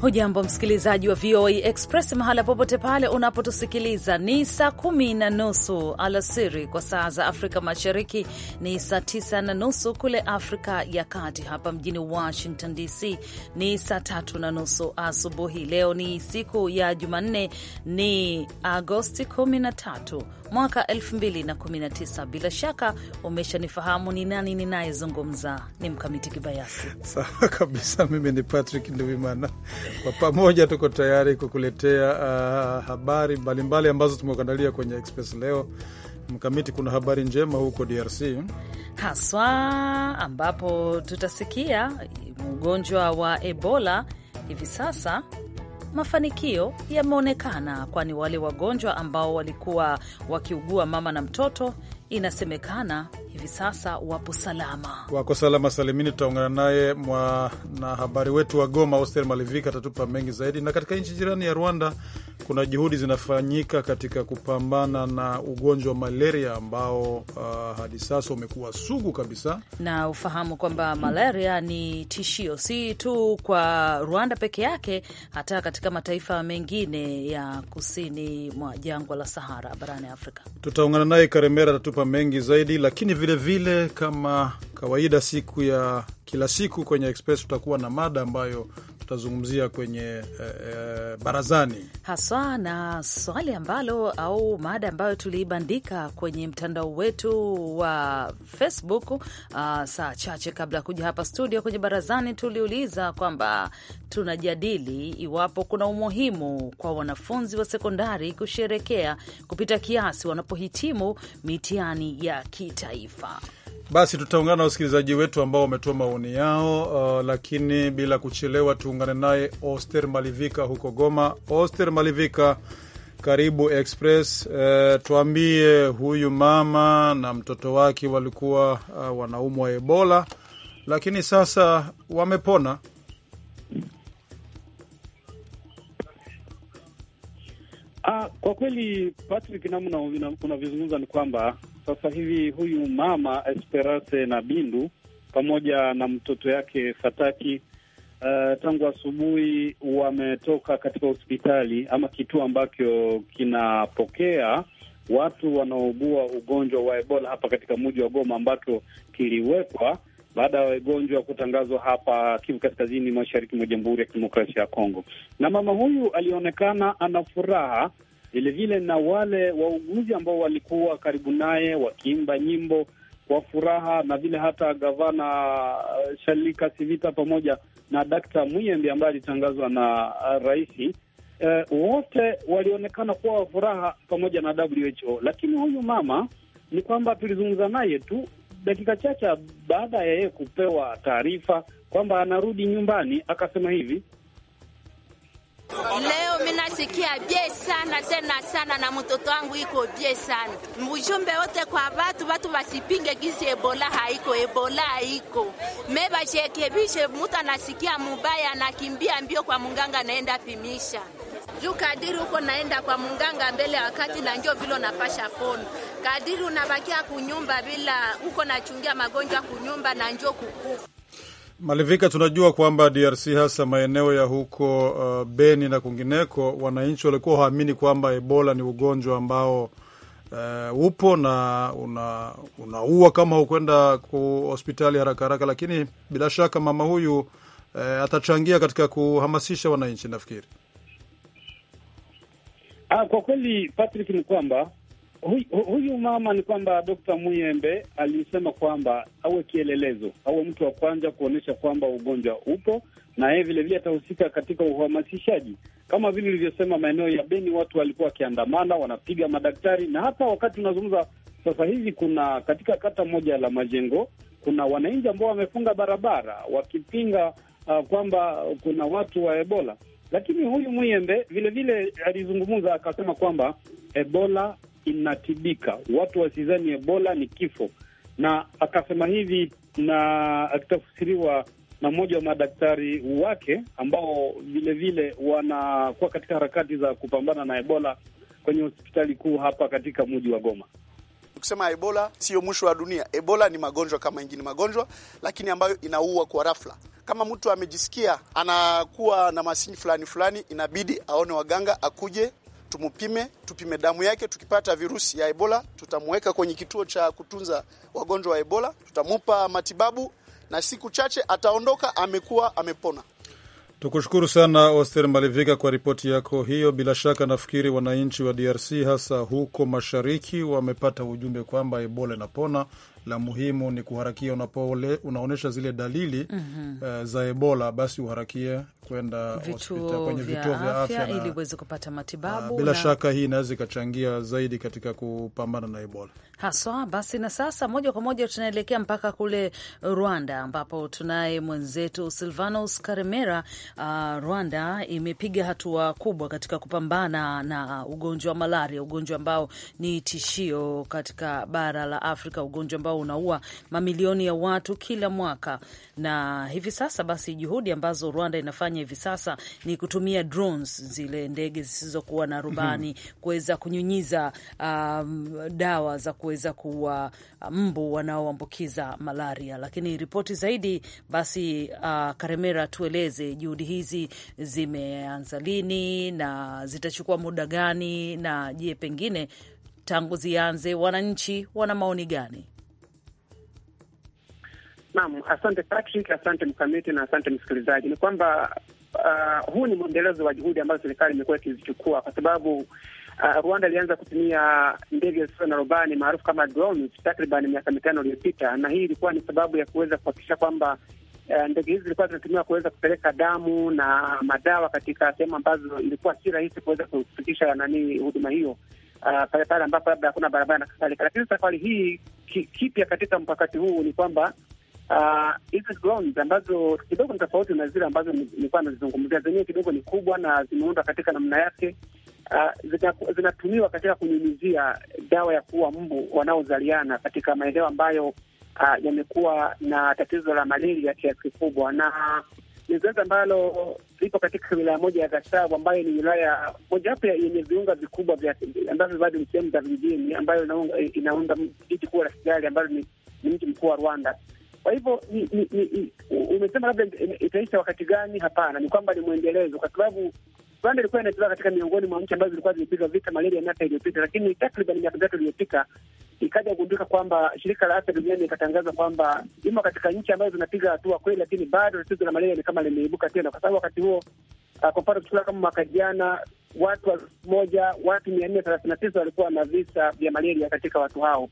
Hujambo msikilizaji wa VOA Express mahala popote pale unapotusikiliza, ni saa kumi na nusu alasiri kwa saa za Afrika Mashariki, ni saa tisa na nusu kule Afrika ya Kati. Hapa mjini Washington DC ni saa tatu na nusu asubuhi. Leo ni siku ya Jumanne, ni Agosti 13 mwaka 2019. Bila shaka umeshanifahamu ni nani ninayezungumza, ni Mkamiti Kibayasi. Sawa kabisa, mimi ni Patrick Nduvimana. Kwa pamoja tuko tayari kukuletea uh, habari mbalimbali mbali ambazo tumekuandalia kwenye Express leo. Mkamiti, kuna habari njema huko DRC haswa, ambapo tutasikia mgonjwa wa Ebola hivi sasa mafanikio yameonekana, kwani wale wagonjwa ambao walikuwa wakiugua mama na mtoto inasemekana hivi sasa wapo salama, wako salama salimini. Tutaungana naye mwanahabari wetu wa Goma, Oster Malivika, atatupa mengi zaidi. Na katika nchi jirani ya Rwanda kuna juhudi zinafanyika katika kupambana na ugonjwa wa malaria ambao uh, hadi sasa umekuwa sugu kabisa, na ufahamu kwamba malaria ni tishio si tu kwa Rwanda peke yake, hata katika mataifa mengine ya kusini mwa jangwa la Sahara barani Afrika. Tutaungana naye Karemera, atatupa mengi zaidi, lakini vilevile vile, kama kawaida, siku ya kila siku kwenye Express tutakuwa na mada ambayo tutazungumzia kwenye eh, eh, barazani haswa na swali ambalo au mada ambayo tuliibandika kwenye mtandao wetu wa Facebook uh, saa chache kabla ya kuja hapa studio kwenye barazani, tuliuliza kwamba tunajadili iwapo kuna umuhimu kwa wanafunzi wa sekondari kusherekea kupita kiasi wanapohitimu mitihani ya kitaifa. Basi tutaungana na wasikilizaji wetu ambao wametoa maoni yao. Uh, lakini bila kuchelewa tuungane naye Oster Malivika huko Goma. Oster Malivika, karibu Express. Uh, tuambie huyu mama na mtoto wake walikuwa uh, wanaumwa Ebola, lakini sasa wamepona. Ah, kwa kweli Patrick, namna unavyozungumza ni kwamba sasa hivi huyu mama Esperance na Bindu pamoja na mtoto yake Fataki uh, tangu asubuhi wametoka katika hospitali ama kituo ambacho kinapokea watu wanaougua ugonjwa wa Ebola hapa katika mji wa Goma ambacho kiliwekwa baada ya wagonjwa kutangazwa hapa Kivu Kaskazini, mashariki mwa Jamhuri ya Kidemokrasia ya Kongo. Na mama huyu alionekana ana furaha vilevile na wale wauguzi ambao walikuwa karibu naye wakiimba nyimbo kwa furaha, na vile hata gavana Shalika uh, Sivita pamoja na Dakta muyembi ambaye alitangazwa na uh, raisi eh, uh, wote walionekana kuwa wa furaha pamoja na WHO. Lakini huyu mama ni kwamba tulizungumza naye tu dakika chache baada ya yeye kupewa taarifa kwamba anarudi nyumbani, akasema hivi Leo mimi nasikia bie sana tena sana, na mtoto wangu iko bie sana. Mujumbe wote kwa batu, batu basipinge gizi, ebola haiko, ebola haiko, mebashekebishe. Mtu anasikia mubaya anakimbia mbio kwa munganga, naenda pimisha juu kadiri huko naenda kwa munganga mbele ya wakati, na ndio vile unapasha pono. Kadiri unabakia kunyumba bila huko, nachungia magonjwa kunyumba na ndio kukufa Malivika, tunajua kwamba DRC hasa maeneo ya huko uh, Beni na kwingineko, wananchi walikuwa hawaamini kwamba Ebola ni ugonjwa ambao uh, upo na una, unaua kama hukwenda ku hospitali haraka haraka, lakini bila shaka mama huyu uh, atachangia katika kuhamasisha wananchi nafikiri. Ah, kwa kweli Patrick, ni kwamba huyu mama ni kwamba dkt Muyembe alisema kwamba awe kielelezo, awe mtu wa kwanza kuonyesha kwamba ugonjwa upo, na yeye vilevile atahusika katika uhamasishaji. Kama vile ulivyosema, maeneo ya Beni watu walikuwa wakiandamana, wanapiga madaktari, na hata wakati unazungumza sasa hivi, kuna katika kata moja la Majengo kuna wananchi ambao wamefunga barabara wakipinga uh, kwamba kuna watu wa Ebola, lakini huyu Muyembe vilevile alizungumza akasema kwamba Ebola inatibika, watu wasizani Ebola ni kifo. Na akasema hivi, na akitafsiriwa na mmoja wa madaktari wake ambao vilevile wanakuwa katika harakati za kupambana na Ebola kwenye hospitali kuu hapa katika mji wa Goma. Ukisema Ebola sio mwisho wa dunia. Ebola ni magonjwa kama ingine magonjwa, lakini ambayo inaua kwa rafla. Kama mtu amejisikia anakuwa na masini fulani fulani, inabidi aone waganga, akuje tumupime, tupime damu yake. Tukipata virusi ya Ebola, tutamuweka kwenye kituo cha kutunza wagonjwa wa Ebola, tutamupa matibabu na siku chache ataondoka, amekuwa amepona. Tukushukuru sana Oster Malivika kwa ripoti yako hiyo. Bila shaka nafikiri wananchi wa DRC hasa huko mashariki wamepata ujumbe kwamba Ebola inapona la muhimu ni kuharakia unaonyesha zile dalili mm -hmm. uh, za Ebola, basi uharakie kwenda kwenye vituo vya afya ili uweze kupata matibabu. Ah, bila shaka hii inaweza ikachangia zaidi katika kupambana na Ebola haswa. Basi na sasa moja kwa moja tunaelekea mpaka kule Rwanda ambapo tunaye mwenzetu Silvanos Karemera. Uh, Rwanda imepiga hatua kubwa katika kupambana na ugonjwa wa malaria, ugonjwa ambao ni tishio katika bara la Afrika, ugonjwa ambao ambao unaua mamilioni ya watu kila mwaka. Na hivi sasa basi, juhudi ambazo Rwanda inafanya hivi sasa ni kutumia drones, zile ndege zisizokuwa na rubani mhm. kuweza kunyunyiza um, dawa za kuweza kuua uh, mbu wanaoambukiza malaria. Lakini ripoti zaidi basi, uh, Karemera, tueleze juhudi hizi zimeanza lini na zitachukua muda gani? Na je, pengine tangu zianze wananchi wana maoni gani? Naam, asante Patrick, asante mkamiti na asante msikilizaji. Ni kwamba uh, huu ni mwendelezo wa juhudi ambazo serikali imekuwa ikizichukua kwa sababu uh, Rwanda ilianza kutumia ndege zisizo na rubani maarufu kama drones takriban miaka mitano iliyopita, na hii ilikuwa ni sababu ya kuweza kuhakikisha kwamba uh, ndege hizi zilikuwa zinatumiwa kuweza kupeleka damu na madawa katika sehemu ambazo ilikuwa si rahisi kuweza kufikisha nani huduma hiyo uh, pale ambapo labda hakuna barabara na kadhalika. Lakini safari hii kipya katika mkakati huu ni kwamba Uh, hizi drones ambazo kidogo ni tofauti na zile ambazo nilikuwa nazizungumzia, zenyewe kidogo ni kubwa na zimeundwa katika namna yake. Uh, zina, zinatumiwa katika kunyunyizia dawa ya kuua mbu wanaozaliana katika maeneo ambayo uh, yamekuwa na tatizo la malaria kiasi kikubwa, na ni zoezi ambalo lipo katika wilaya moja ya Gasabu ambayo ni wilaya mojawapo yenye viunga vikubwa ambavyo bado ni sehemu za vijijini ambayo inaunda jiji kuu la Kigali ambalo ni mji mkuu wa Rwanda. Kwa hivyo umesema labda itaisha wakati gani? Hapana, ni kwamba ni mwendelezo, kwa sababu Rwanda ilikuwa inatoka katika miongoni mwa nchi ambazo zilikuwa zilipiga vita malaria miaka iliyopita, lakini takriban miaka tatu iliyopita ikaja kugundika kwamba shirika la afya duniani ikatangaza kwamba imo katika nchi ambazo zinapiga hatua kweli, lakini bado tatizo la malaria ni kama limeibuka tena, kwa sababu wakati huo uh, kwa mfano kuchukula kama mwaka jana watu elfu moja watu mia nne thelathini na tisa walikuwa na visa vya malaria katika watu hao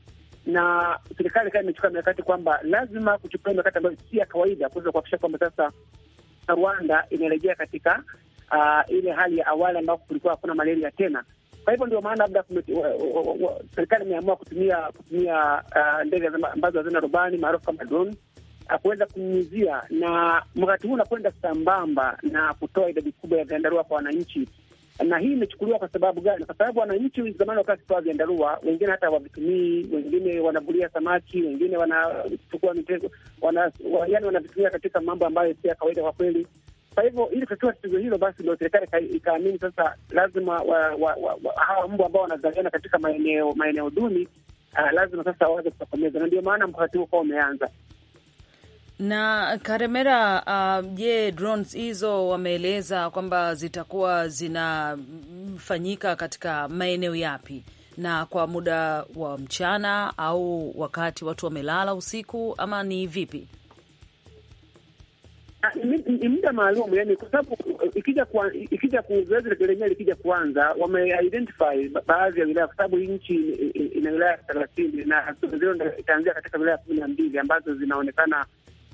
na serikali kaa imechukua mikakati kwamba lazima kuchukua mikakati ambayo si ya kawaida kuweza kuhakikisha kwamba sasa Rwanda inarejea katika uh, ile hali ya awali ambapo kulikuwa hakuna malaria tena. Kwa hivyo ndio maana labda serikali imeamua kutumia kutumia uh, ndege ambazo hazina rubani maarufu kama drone uh, kuweza kunyunyizia, na mkakati huu unakwenda sambamba na kutoa idadi kubwa ya vyandarua kwa wananchi na hii imechukuliwa kwa sababu gani? Kwa sababu wananchi zamani wakati vitoa vyandarua, wengine hata wavitumii wengine wanavulia samaki, wengine wanachukua mitego, wana, yani wanavitumia katika mambo ambayo si ya kawaida kwa kweli. Kwa hivyo ili kutatua tatizo hilo, basi ndio serikali ikaamini sasa lazima hawa wa, wa, wa, mbu ambao wanazaliana katika maeneo maeneo duni, uh, lazima sasa waweze kutokomeza, na ndio maana mkakati huo umeanza na Karemera, uh, je, uh, drones hizo wameeleza kwamba zitakuwa zinafanyika katika maeneo yapi na kwa muda wa mchana au wakati watu wamelala usiku ama ni vipi? Ah, ni muda maalum, yani kwa sababu eh, ikija ikija zoezi lenyewe likija kuanza, wameidentify baadhi ya wilaya, kwa sababu hii nchi eh, eh, ina wilaya thelathini na itaanzia katika wilaya kumi na mbili ambazo zinaonekana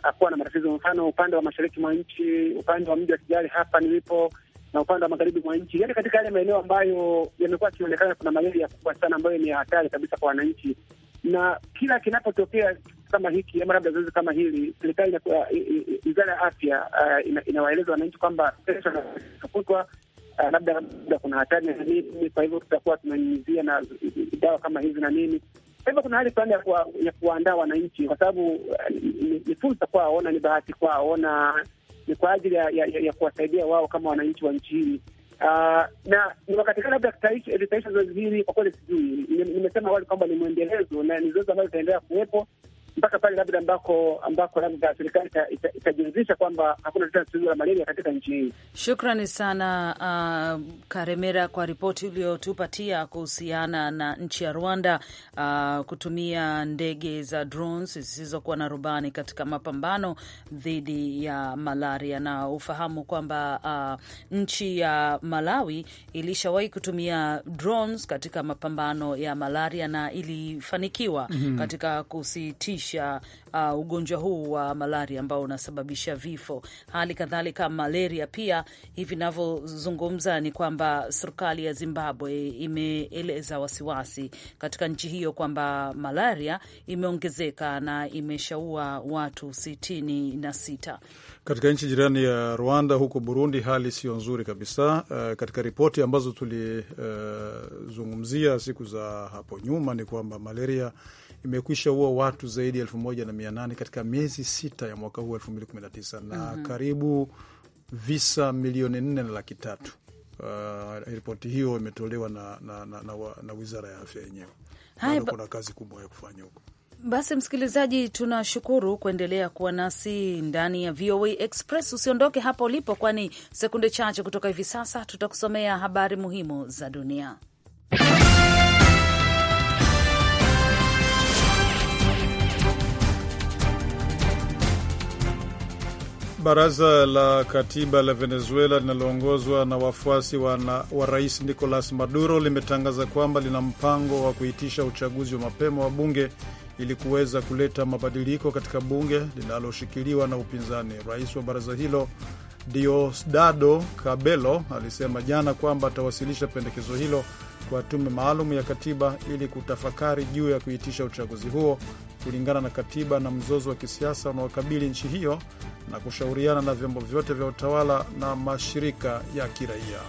hakuwa na matatizo. Mfano upande wa mashariki mwa nchi, upande wa mji wa Kigali hapa nilipo, na upande wa magharibi mwa nchi, yani katika yale maeneo ambayo yamekuwa yakionekana kuna malaria ya kubwa sana ambayo ni hatari kabisa kwa wananchi, na kila kinapotokea kama hiki ama labda zoezi kama hili, serikali, eh, eh, eh, wizara ya afya inawaeleza wananchi kwamba kesho nakutwa labda labda kuna hatari na nini. Kwa hivyo tutakuwa tunanyunyizia na dawa kama hizi na nini kwa hivyo kuna hali fulani ya kuwaandaa wananchi, kwa sababu eh, ni fursa kwao na ni bahati kwao na ni kwa ajili ya, ya, ya kuwasaidia wao kama wananchi wa nchi hii. Uh, na ni wakati gani labda litaisha eh, zoezi hili? Kwa kweli sijui. Nimesema awali kwamba ni mwendelezo na ni zoezi ambalo litaendelea kuwepo mpaka pale labda ambako ambako labda serikali itajihusisha kwamba hakuna tena tatizo la malaria katika nchi hii. Shukrani sana uh, Karemera kwa ripoti uliotupatia kuhusiana na nchi ya Rwanda uh, kutumia ndege za drones zisizokuwa na rubani katika mapambano dhidi ya malaria, na ufahamu kwamba uh, nchi ya Malawi ilishawahi kutumia drones katika mapambano ya malaria na ilifanikiwa mm -hmm. katika kusitisha kusababisha uh, ugonjwa huu wa malaria ambao unasababisha vifo. Hali kadhalika malaria pia, hivi navyozungumza ni kwamba serikali ya Zimbabwe imeeleza wasiwasi katika nchi hiyo kwamba malaria imeongezeka na imeshaua watu sitini na sita. Katika nchi jirani ya Rwanda, huko Burundi, hali siyo nzuri kabisa. Uh, katika ripoti ambazo tulizungumzia eh, uh, siku za hapo nyuma ni kwamba malaria imekwisha ua watu zaidi ya elfu moja na mia nane katika miezi sita ya mwaka huu elfu mbili kumi na tisa na mm -hmm. karibu visa milioni nne na laki tatu. Uh, ripoti hiyo imetolewa na, na, na, na, na wizara ya afya yenyewe. Kuna kazi kubwa ya kufanya huko. Basi msikilizaji, tunashukuru kuendelea kuwa nasi ndani ya VOA Express. Usiondoke hapo ulipo, kwani sekunde chache kutoka hivi sasa tutakusomea habari muhimu za dunia. Baraza la katiba la Venezuela linaloongozwa na wafuasi wa, na, wa rais Nicolas Maduro limetangaza kwamba lina mpango wa kuitisha uchaguzi wa mapema wa bunge ili kuweza kuleta mabadiliko katika bunge linaloshikiliwa na upinzani. Rais wa baraza hilo Diosdado Cabello alisema jana kwamba atawasilisha pendekezo hilo kwa tume maalum ya katiba ili kutafakari juu ya kuitisha uchaguzi huo kulingana na katiba na mzozo wa kisiasa unaokabili nchi hiyo na kushauriana na vyombo vyote vya utawala na mashirika ya kiraia.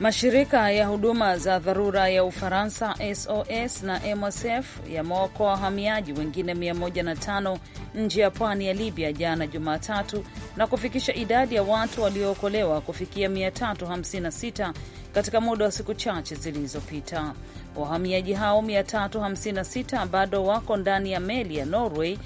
Mashirika ya huduma za dharura ya Ufaransa SOS na MSF yamewaokoa wahamiaji wengine 105 nje ya pwani ya Libya jana Jumatatu na kufikisha idadi ya watu waliookolewa kufikia 356 katika muda wa siku chache zilizopita. Wahamiaji hao 356 bado wako ndani ya meli ya Norway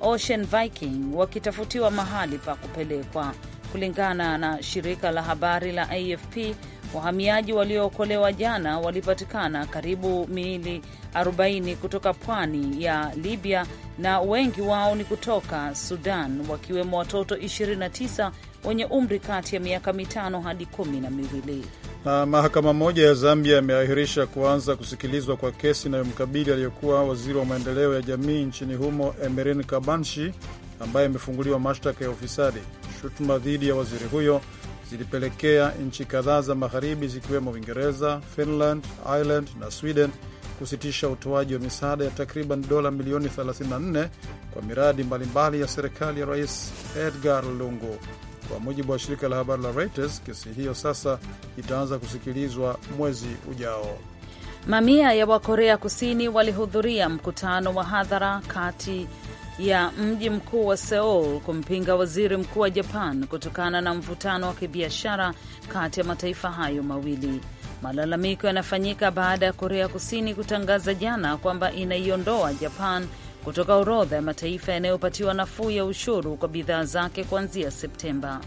Ocean Viking wakitafutiwa mahali pa kupelekwa, kulingana na shirika la habari la AFP. Wahamiaji waliookolewa jana walipatikana karibu miili 40 kutoka pwani ya Libya na wengi wao ni kutoka Sudan, wakiwemo watoto 29 wenye umri kati ya miaka mitano hadi kumi na miwili. Na mahakama moja ya Zambia imeahirisha kuanza kusikilizwa kwa kesi inayomkabili aliyekuwa waziri wa maendeleo ya jamii nchini humo Emerin Kabanshi ambaye amefunguliwa mashtaka ya ufisadi. Shutuma dhidi ya waziri huyo zilipelekea nchi kadhaa za magharibi zikiwemo Uingereza, Finland, Ireland na Sweden kusitisha utoaji wa misaada ya takriban dola milioni 34 kwa miradi mbalimbali ya serikali ya Rais Edgar Lungu. Kwa mujibu wa shirika la habari la Reuters, kesi hiyo sasa itaanza kusikilizwa mwezi ujao. Mamia ya Wakorea Kusini walihudhuria mkutano wa hadhara kati ya mji mkuu wa Seoul kumpinga waziri mkuu wa Japan kutokana na mvutano wa kibiashara kati ya mataifa hayo mawili. Malalamiko yanafanyika baada ya Korea Kusini kutangaza jana kwamba inaiondoa Japan kutoka orodha ya mataifa yanayopatiwa nafuu ya ushuru kwa bidhaa zake kuanzia Septemba.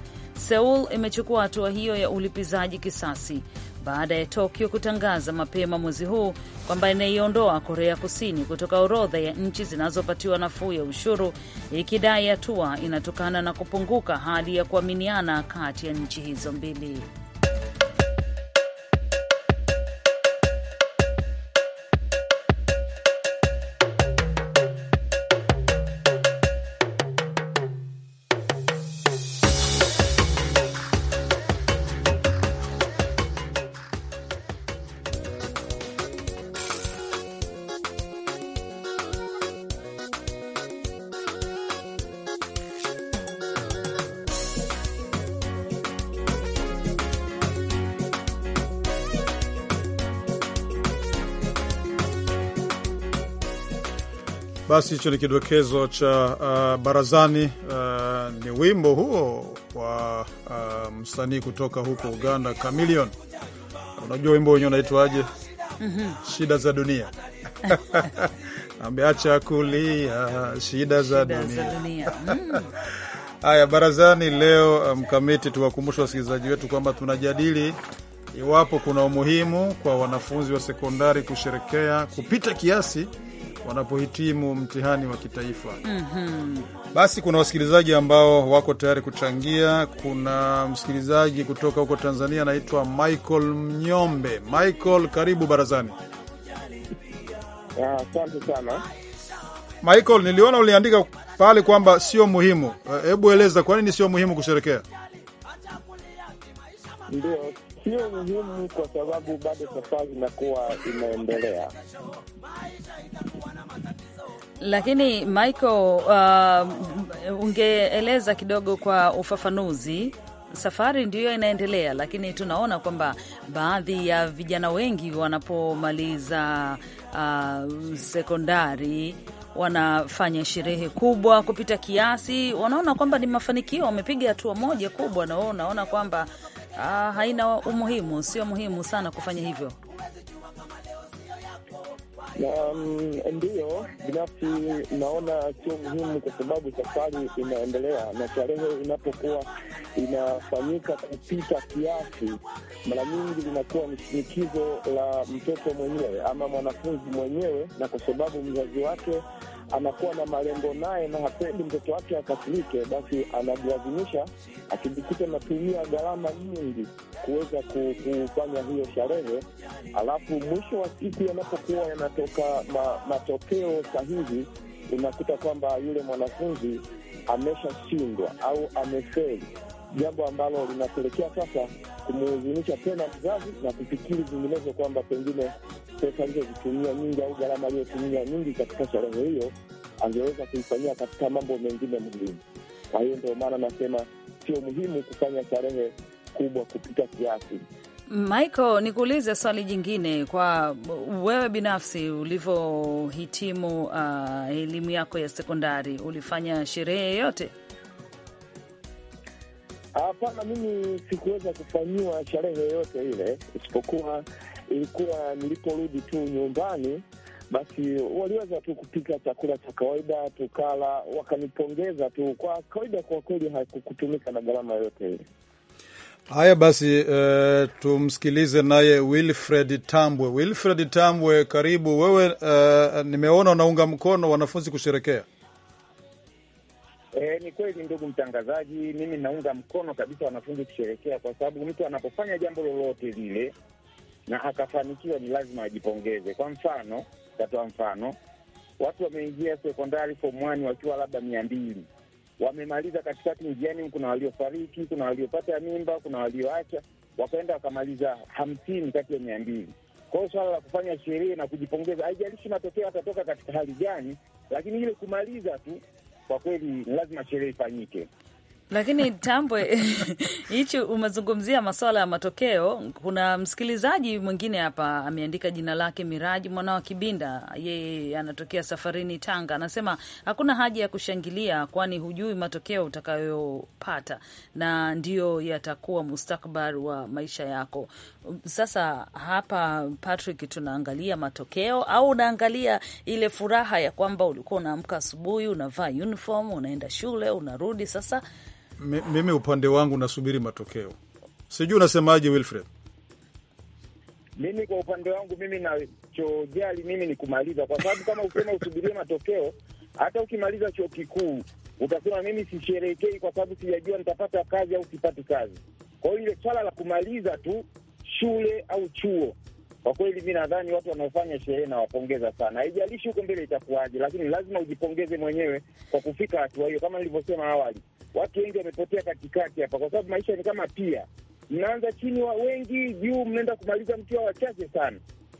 Seul imechukua hatua hiyo ya ulipizaji kisasi baada ya Tokyo kutangaza mapema mwezi huu kwamba inaiondoa Korea Kusini kutoka orodha ya nchi zinazopatiwa nafuu ya ushuru, ikidai hatua inatokana na kupunguka hali ya kuaminiana kati ya nchi hizo mbili. Basi hicho ni kidokezo cha uh, barazani. Uh, ni wimbo huo wa uh, msanii kutoka huko Uganda Chameleon. Unajua wimbo wenyewe unaitwaje? mm -hmm. Shida za dunia ameacha kulia, shida za dunia mm. haya. Barazani leo uh, mkamiti, um, tuwakumbusha wasikilizaji wetu kwamba tunajadili iwapo kuna umuhimu kwa wanafunzi wa sekondari kusherekea kupita kiasi wanapohitimu mtihani wa kitaifa. mm -hmm. Basi kuna wasikilizaji ambao wako tayari kuchangia. Kuna msikilizaji kutoka huko Tanzania anaitwa Michael Mnyombe. Michael, karibu barazani. Asante sana Michael, niliona uliandika pale kwamba sio muhimu. Eh, hebu eleza kwa nini sio muhimu kusherekea? Ndio, sio muhimu kwa sababu bado safari inakuwa imeendelea. Lakini Michael, uh, ungeeleza kidogo kwa ufafanuzi. Safari ndiyo inaendelea, lakini tunaona kwamba baadhi ya vijana wengi wanapomaliza uh, sekondari wanafanya sherehe kubwa kupita kiasi, wanaona kwamba ni mafanikio, wamepiga hatua moja kubwa, na wao unaona kwamba ah, haina umuhimu, sio muhimu sana kufanya hivyo? Um, ndiyo, binafsi naona sio muhimu, kwa sababu safari inaendelea na starehe inapokuwa inafanyika kupita kiasi, mara nyingi linakuwa ni shinikizo la mtoto mwenyewe ama mwanafunzi mwenyewe, na kwa sababu mzazi wake anakuwa na malengo naye na hapendi mtoto wake akasirike, basi anajilazimisha akijikuta anatumia gharama nyingi kuweza kufanya hiyo sherehe, alafu mwisho wa siku yanapokuwa yanatoka ma, matokeo sahihi, unakuta kwamba yule mwanafunzi ameshashindwa au amefeli, jambo ambalo linapelekea sasa kumuhuzunisha tena mzazi na kufikiri vinginevyo kwamba pengine pesa alizozitumia nyingi au gharama aliyotumia nyingi katika sherehe hiyo angeweza kuifanyia katika mambo mengine muhimu. Kwa hiyo ndio maana nasema sio muhimu kufanya sherehe kubwa kupita kiasi. Michael, nikuulize swali jingine kwa wewe binafsi, ulivyohitimu uh, elimu yako ya sekondari, ulifanya sherehe yoyote? Hapana, mimi sikuweza kufanyiwa sherehe yoyote ile, isipokuwa ilikuwa niliporudi tu nyumbani, basi waliweza tu kupika chakula cha kawaida tukala, wakanipongeza tu kwa kawaida. Kwa kweli hakukutumika na gharama yoyote ile. Haya basi, uh, tumsikilize naye Wilfred Tambwe. Wilfred Tambwe, karibu wewe. Uh, nimeona unaunga mkono wanafunzi kusherekea. E, ni kweli ndugu mtangazaji, mimi naunga mkono kabisa wanafunzi kusherekea, kwa sababu mtu anapofanya jambo lolote lile na akafanikiwa, ni lazima ajipongeze. Kwa mfano, tatoa mfano, watu wameingia sekondari form one wakiwa labda mia mbili wamemaliza katikati njiani, kuna waliofariki, kuna waliopata mimba, kuna walioacha, wakaenda wakamaliza hamsini kati ya mia mbili. Kwa hiyo swala la kufanya sherehe na kujipongeza, haijalishi matokeo atatoka katika hali gani, lakini ile kumaliza tu, kwa kweli lazima sherehe ifanyike. Lakini Tambwe hichi umezungumzia masuala ya matokeo. Kuna msikilizaji mwingine hapa ameandika jina lake Miraji mwana wa Kibinda, yeye anatokea safarini Tanga. Anasema hakuna haja ya kushangilia, kwani hujui matokeo utakayopata na ndiyo yatakuwa mustakbal wa maisha yako. Sasa hapa Patrick, tunaangalia matokeo au unaangalia ile furaha ya kwamba ulikuwa unaamka asubuhi, unavaa uniform, unaenda shule, unarudi sasa mimi upande wangu nasubiri matokeo. Sijui unasemaje Wilfred? Mimi kwa upande wangu mimi nachojali mimi ni kumaliza, kwa sababu kama ukisema usubirie matokeo, hata ukimaliza chuo kikuu utasema mimi sisherehekei kwa sababu sijajua nitapata kazi au sipati kazi. Kwa hiyo ile swala la kumaliza tu shule au chuo kwa kweli mi nadhani watu wanaofanya sherehe nawapongeza sana, haijalishi huko mbele itakuwaje, lakini lazima ujipongeze mwenyewe kwa kufika hatua hiyo. Kama nilivyosema awali, watu wengi wamepotea katikati hapa, kwa sababu maisha ni kama pia, mnaanza chini wa wengi juu, mnaenda kumaliza mkiwa wachache sana.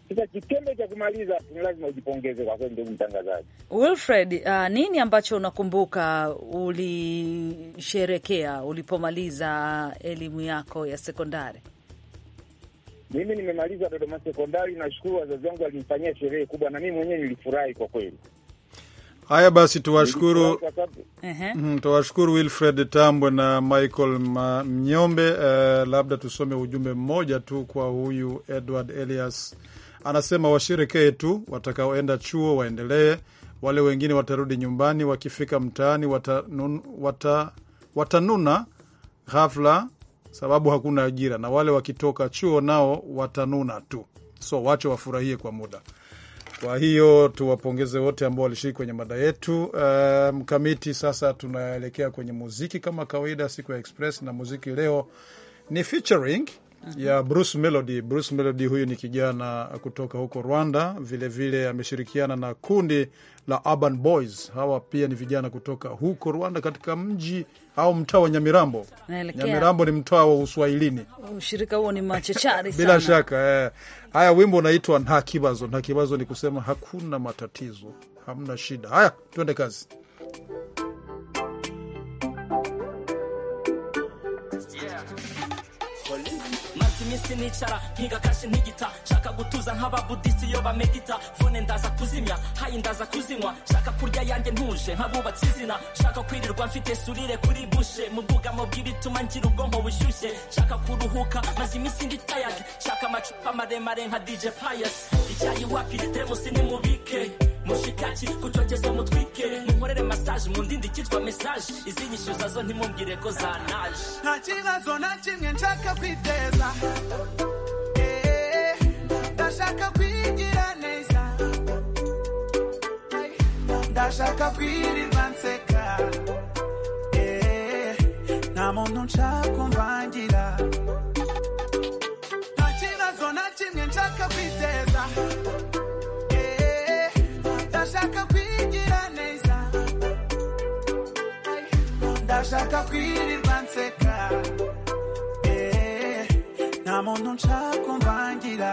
Sasa kitendo cha kumaliza ni lazima ujipongeze kwa kweli, ndugu mtangazaji. Wilfred, uh, nini ambacho unakumbuka ulisherekea ulipomaliza elimu yako ya sekondari? Mimi nimemaliza Dodoma Sekondari, nashukuru wazazi wangu walinifanyia sherehe kubwa, na mimi mwenyewe nilifurahi kwa kweli. Haya basi, tuwashukuru mm, tuwashukuru Wilfred Tambwe na Michael Mnyombe. Uh, labda tusome ujumbe mmoja tu kwa huyu Edward Elias, anasema washerekee tu, watakaoenda chuo waendelee, wale wengine watarudi nyumbani, wakifika mtaani watanun, wata, watanuna ghafla sababu hakuna ajira, na wale wakitoka chuo nao watanuna tu, so wache wafurahie kwa muda. Kwa hiyo tuwapongeze wote ambao walishiriki kwenye mada yetu eh, mkamiti. Um, sasa tunaelekea kwenye muziki kama kawaida, siku ya Express na muziki leo ni featuring ya Bruce Melody. Bruce Melody huyu ni kijana kutoka huko Rwanda, vilevile ameshirikiana na kundi la Urban Boys. Hawa pia ni vijana kutoka huko Rwanda, katika mji au mtaa wa Nyamirambo. Nyamirambo ni mtaa wa Uswahilini, ushirika huo ni machachari bila sana shaka eh. Haya, wimbo unaitwa ntakibazo. Ntakibazo ni kusema hakuna matatizo, hamna shida. Haya, tuende kazi. sinicara nkiga kashi ntigita nshaka gutuza nk'ababudisi iyo bamedita fone ndaza kuzimya hayi ndaza kuzinywa nshaka kurya yanjye ntuje nk'abubatse izina nshaka kwirirwa mfite surire kuri bushe mu bwugamo bw'ibituma ngira ubwonko bushyushye nshaka kuruhuka maze iminsi ndi tayadi nshaka amacupa maremare nka dj payasi icyayi wapi teremusi nimubike mushikaki kucogeza umutwike munkorere masaje mu ndindi kitwa mesaje izinyishyuza zo ntimumbwire ko zanaje nta kibazo na kimwe nshaka kwiteza eh, ndashaka kwigira neza ndashaka kwirirwa nseka eh, nta muntu nshaka kumvangira nta kibazo na kimwe nshaka kwiteza ndashaka neza ndashaka kwirirwa nseka eh, nta muntu nshaka kumvangira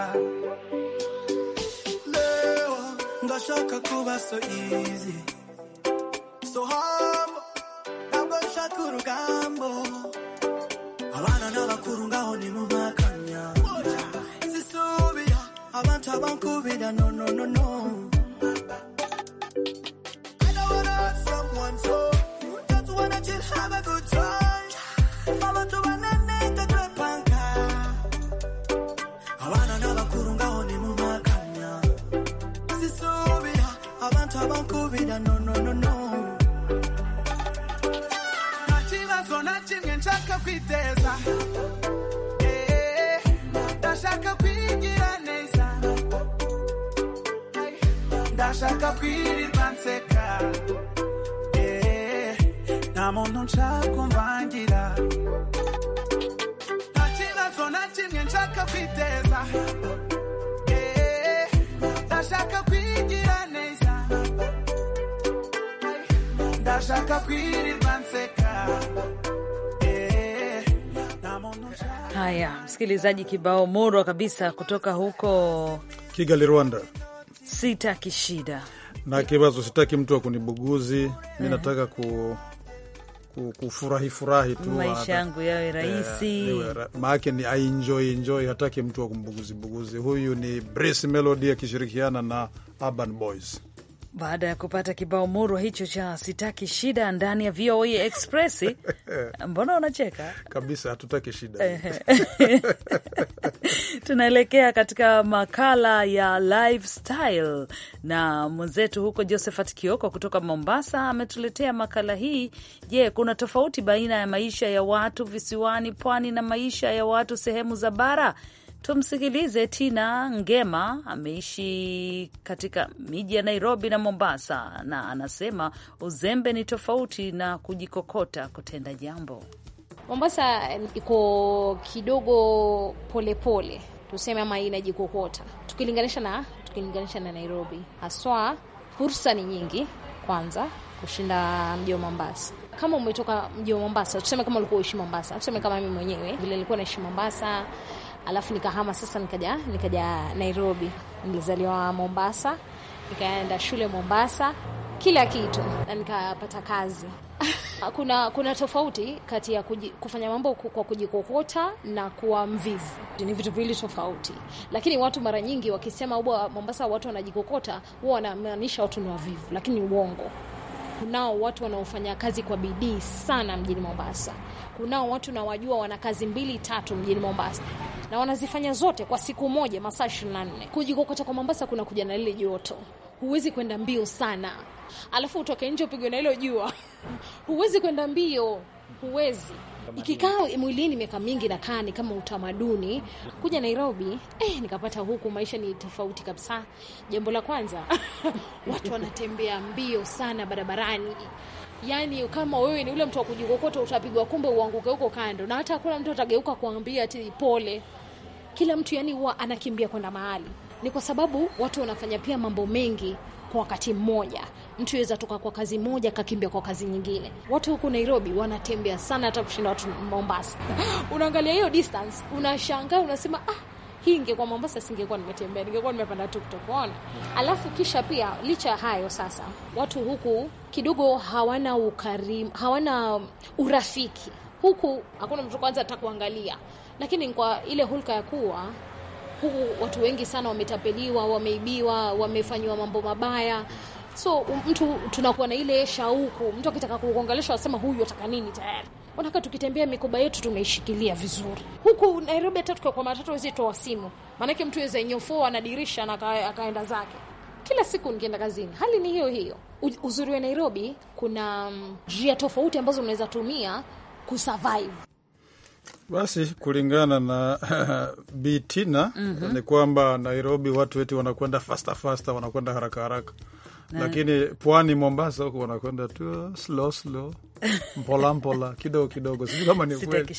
leo ndashaka kuba so easy so hard ntabwo nshaka urugambo abana n'abakuru ngaho ni mu makanya zisubiya abantu abankubira no no no no someone, so that's when I just have a good time. Follow to an end, panka. Abana n'abakurungaho ni mu maganya. Sisubira, abantu abankubira, no, no, no, no. Nta kibazo na kimwe nshaka kwiteza. Ndashaka eh, kwigira neza. Ndashaka eh, kwirirwa nseka. kwiteza ndashaka kwigira neza ndashaka kwirirwa nseka Haya, msikilizaji, kibao murwa kabisa kutoka huko Kigali, Rwanda. Sitaki shida na kibazo, sitaki mtu wa kunibuguzi mi nataka ku kufurahi furahi tu, maisha yangu yawe eh, rahisi, maake ni ainjoi njoi, hataki mtu akumbuguzibuguzi. Huyu ni Bruce Melody akishirikiana na Urban Boys. Baada ya kupata kibao murwa hicho cha sitaki shida ndani ya VOA Express, mbona unacheka kabisa? Hatutaki shida tunaelekea katika makala ya lifestyle, na mwenzetu huko Josephat Kioko kutoka Mombasa ametuletea makala hii. Je, kuna tofauti baina ya maisha ya watu visiwani pwani na maisha ya watu sehemu za bara? Tumsikilize Tina Ngema, ameishi katika miji ya Nairobi na Mombasa, na anasema uzembe ni tofauti na kujikokota kutenda jambo. Mombasa iko kidogo polepole pole, tuseme ama inajikokota tukilinganisha na tukilinganisha na Nairobi haswa. Fursa ni nyingi kwanza kushinda mji wa Mombasa. Kama umetoka mji wa Mombasa, tuseme kama ulikuwa uishi Mombasa, tuseme kama mimi mwenyewe vile nilikuwa naishi Mombasa alafu nikahama sasa, nikaja nikaja Nairobi. Nilizaliwa Mombasa, nikaenda shule Mombasa, kila kitu na nikapata kazi. Kuna kuna tofauti kati ya kuji, kufanya mambo kwa kujikokota na kuwa mvivu, ni vitu viwili tofauti. Lakini watu mara nyingi wakisema huwa Mombasa watu wanajikokota, huwa wanamaanisha watu ni wavivu, lakini uongo. Kunao watu wanaofanya kazi kwa bidii sana mjini Mombasa. Kunao watu nawajua wana kazi mbili tatu mjini Mombasa na wanazifanya zote kwa siku moja, masaa 24. Kujikokota kwa Mombasa kuna kuja na lile joto, huwezi kwenda mbio sana, alafu utoke nje upigwe na hilo jua huwezi kwenda mbio, huwezi ikikaa mwilini miaka mingi na kaa ni kama utamaduni. Kuja Nairobi eh, nikapata huku maisha ni tofauti kabisa. Jambo la kwanza watu wanatembea mbio sana barabarani, yani kama wewe ni ule mtu wa kujikokota utapigwa, kumbe uanguke huko kando, na hata hakuna mtu atageuka kuambia ati pole kila mtu yani huwa anakimbia kwenda mahali, ni kwa sababu watu wanafanya pia mambo mengi kwa wakati mmoja. Mtu aweza toka kwa kazi moja akakimbia kwa kazi nyingine. Watu huku Nairobi wanatembea sana hata kushinda watu Mombasa. Unaangalia hiyo distance, unashangaa, unasema ah, hii ingekuwa Mombasa singekuwa nimetembea, ningekuwa nimepanda tuktok, Waona, alafu kisha pia licha ya hayo sasa, watu huku kidogo hawana ukarimu, hawana urafiki huku. Hakuna mtu kwanza atakuangalia lakini kwa ile hulka ya kuwa huku watu wengi sana wametapeliwa, wameibiwa, wamefanyiwa mambo mabaya so um, mtu tunakuwa na ile shauku, mtu akitaka kuongelesha asema huyu ataka nini tayari. Unaka tukitembea mikoba yetu tumeishikilia vizuri. Huku Nairobi hata tukiwa kwa matatu wezi toa simu, maanake mtu weze nyofoa na dirisha na akaenda zake. Kila siku nikienda kazini, hali ni hiyo hiyo. Uzuri wa Nairobi, kuna mm, njia tofauti ambazo unaweza tumia kusurvive. Basi kulingana na Bitina mm -hmm. ni kwamba Nairobi watu wetu wanakwenda fasta fasta, wanakwenda haraka haraka na, lakini pwani Mombasa huku wanakwenda tu slow slow, mpola mpola, kidogo kidogo. Sijui kama ni kweli,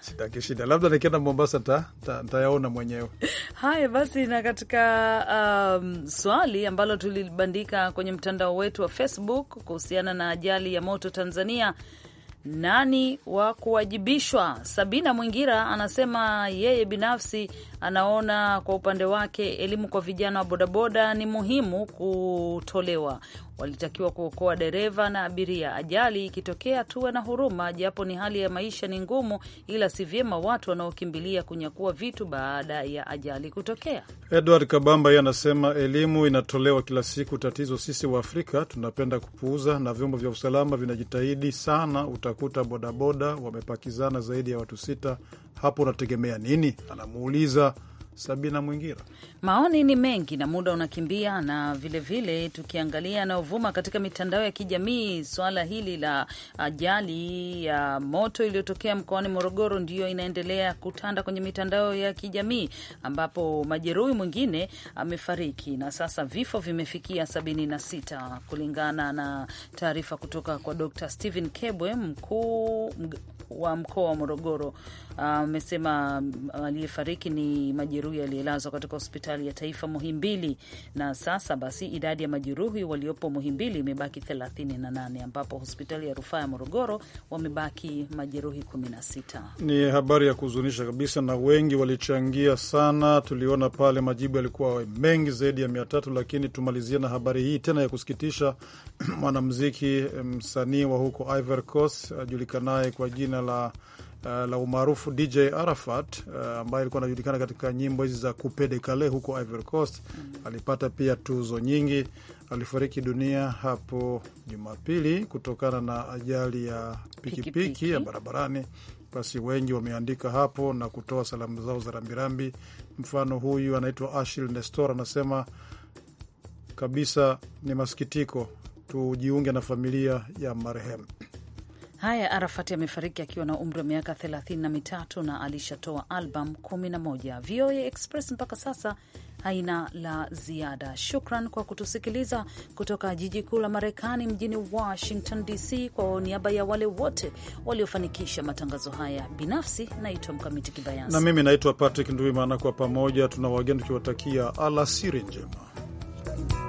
sitaki shida, labda nikienda Mombasa ntayaona ta, mwenyewe. Haya basi, na katika um, swali ambalo tulibandika kwenye mtandao wetu wa Facebook kuhusiana na ajali ya moto Tanzania nani wa kuwajibishwa. Sabina Mwingira anasema yeye binafsi anaona kwa upande wake elimu kwa vijana wa bodaboda ni muhimu kutolewa walitakiwa kuokoa dereva na abiria. Ajali ikitokea, tuwe na huruma, japo ni hali ya maisha ni ngumu, ila si vyema watu wanaokimbilia kunyakua vitu baada ya ajali kutokea. Edward Kabamba yeye anasema elimu inatolewa kila siku, tatizo sisi wa Afrika tunapenda kupuuza, na vyombo vya usalama vinajitahidi sana. Utakuta bodaboda wamepakizana zaidi ya watu sita, hapo unategemea nini? Anamuuliza Sabina Mwingira. Maoni ni mengi na muda unakimbia, na vilevile vile, tukiangalia yanayovuma katika mitandao ya kijamii, suala hili la ajali ya moto iliyotokea mkoani Morogoro ndiyo inaendelea kutanda kwenye mitandao ya kijamii, ambapo majeruhi mwingine amefariki na sasa vifo vimefikia sita kulingana na taarifa kutoka kwa Dr. Stephen Kebwe mkuu wa mkoa wa Morogoro amesema ah, uh, ah, aliyefariki ni majeruhi aliyelazwa katika hospitali ya taifa Muhimbili, na sasa basi idadi ya majeruhi waliopo Muhimbili imebaki 38 ambapo hospitali ya rufaa ya Morogoro wamebaki majeruhi 16. Ni habari ya kuhuzunisha kabisa, na wengi walichangia sana. Tuliona pale majibu yalikuwa mengi zaidi ya mia tatu, lakini tumalizia na habari hii tena ya kusikitisha mwanamziki msanii wa huko Ivory Coast ajulikanaye kwa jina jina la, uh, la umaarufu DJ Arafat uh, ambaye alikuwa anajulikana katika nyimbo hizi za Coupe kale huko Ivory Coast. Mm-hmm. Alipata pia tuzo nyingi. Alifariki dunia hapo Jumapili kutokana na ajali ya pikipiki piki piki ya barabarani. Basi wengi wameandika hapo na kutoa salamu zao za rambirambi. Mfano, huyu anaitwa Ashil Nestor anasema kabisa, ni masikitiko tujiunge na familia ya marehemu. Haya, Arafati amefariki akiwa na umri wa miaka thelathini na mitatu na alishatoa albam 11. VOA Express mpaka sasa haina la ziada. Shukran kwa kutusikiliza kutoka jiji kuu la Marekani, mjini Washington DC. Kwa niaba ya wale wote waliofanikisha matangazo haya, binafsi naitwa Mkamiti Kibayansi na mimi naitwa Patrick Nduimana. Kwa pamoja tuna wageni tukiwatakia alasiri njema.